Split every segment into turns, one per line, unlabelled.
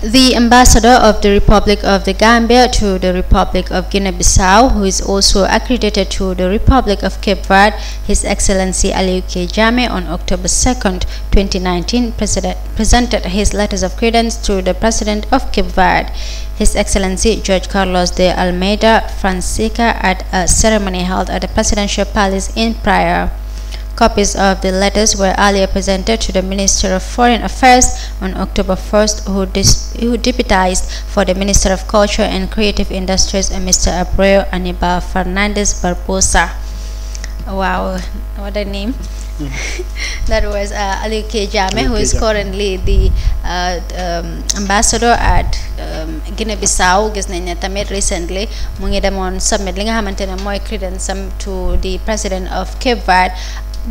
The Ambassador of the Republic of the Gambia to the Republic of Guinea-Bissau, who is also accredited to the Republic of Cape Verde, His Excellency Aliouke Jame, on October 2, 2019, presented his letters of credence to the President of Cape Verde, His Excellency George Carlos de Almeida Francisca, at a ceremony held at the Presidential Palace in Praia. Copies of the letters were earlier presented to the Minister of Foreign Affairs on October 1st, who, who deputized for the Minister of Culture and Creative Industries, Mr. Abreu Anibal Fernandez Barbosa. Wow, what a name. Mm-hmm. that was uh, Ali K. Jame, who is currently the uh, um, ambassador at um, Guinea-Bissau. Gis recently mu ngi submitted credence to the president of Cape Verde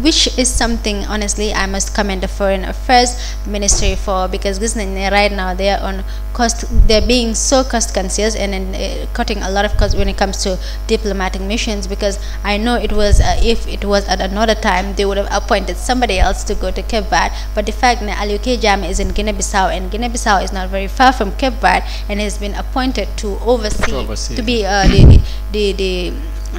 which is something honestly I must commend the Foreign Affairs Ministry for because right now they are on cost they're being so cost conscious and, and uh, cutting a lot of costs when it comes to diplomatic missions because I know it was uh, if it was at another time they would have appointed somebody else to go to Cape Verde but the fact that Aliou Jam is in Guinea-Bissau and Guinea-Bissau is not very far from Cape Verde and has been appointed to oversee to, oversee. to be uh, the, the, the, the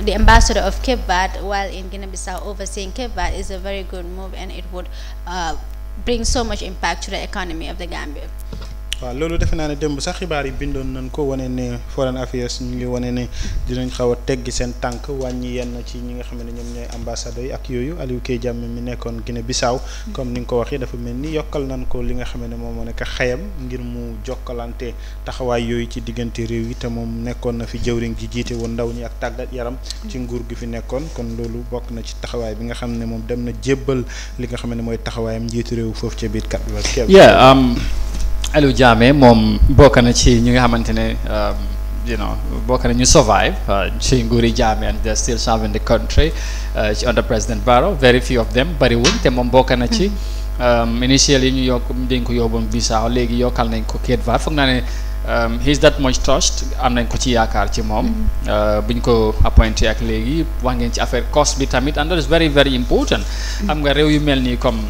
the ambassador of Cape Verde while in Guinea-Bissau overseeing Cape Verde is a very good move and it would uh, bring so much impact to the economy of the Gambia.
waaw loolu defe naa ne démb sax xibaar yi bindoon nañ ko wane ne foreign affairs ñu ngi wane ne dinañ xaw a teggi seen tànk wàññi yenn ci ñi nga xam ne ñoom ñooy ambassade yi ak yooyu Aliou Key mi nekkoon Guinée Bissau hmm. comme ni nga ko waxee dafa mel ni yokkal nañ ko li nga xam ne moom moo nekk xayam ngir mu jokkalante taxawaay yooyu ci diggante réew yi te nekkoon na fi jëwriñ ji jiite woon ndaw ñi ak tàggat yaram ci hmm. nguur gi fi nekkoon kon loolu bokk na ci taxawaay bi nga xam ne moom dem na jébbal li nga xam ne mooy taxawaayam njiitu réew foofu ca biir kat
Aliou Jammeh moom bokk na ci ñu nga xamante ne um, you know bokk na ñu survive uh, ci nguuri Jammeh and they're still serving the country uh, ci under President Barrow very few of them bariwuñ te moom bokk na ci um, initial yi ñu yokk dañ ko yóbboon Bissau léegi yokkal nañ ko Cape Verde foog naa ne um, he's that much trust am nañ ko ci yaakaar ci moom mm-hmm. uh, buñ ko appointé ak léegi wax ngeen ci affaire cost bi tamit and that is very very mm-hmm. nga réew yu mel nii comme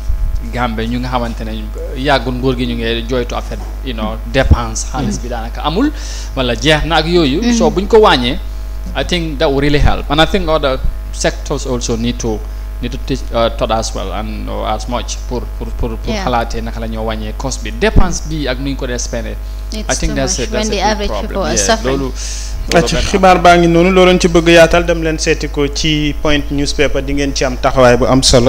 gambe ñu nga xamantene yagul ngor gi ñu ngi joytu affaire you know dépense xaalis bi danaka amul wala jeex na ak yoyu mm-hmm. so buñ ko wañé i think that will really help and i think other sectors also need to need to teach uh, taught as well and uh, as much pour pour pour pour halaté naka lañu wañé cost bi dépense bi ak ñu ko dee spendé i think that's it that's a big problem yeah loolu acc
xibaar baa ngi noonu looloon ci bëgg yaatal dem leen setiko ci point newspaper di ngeen ci am taxaway bu am solo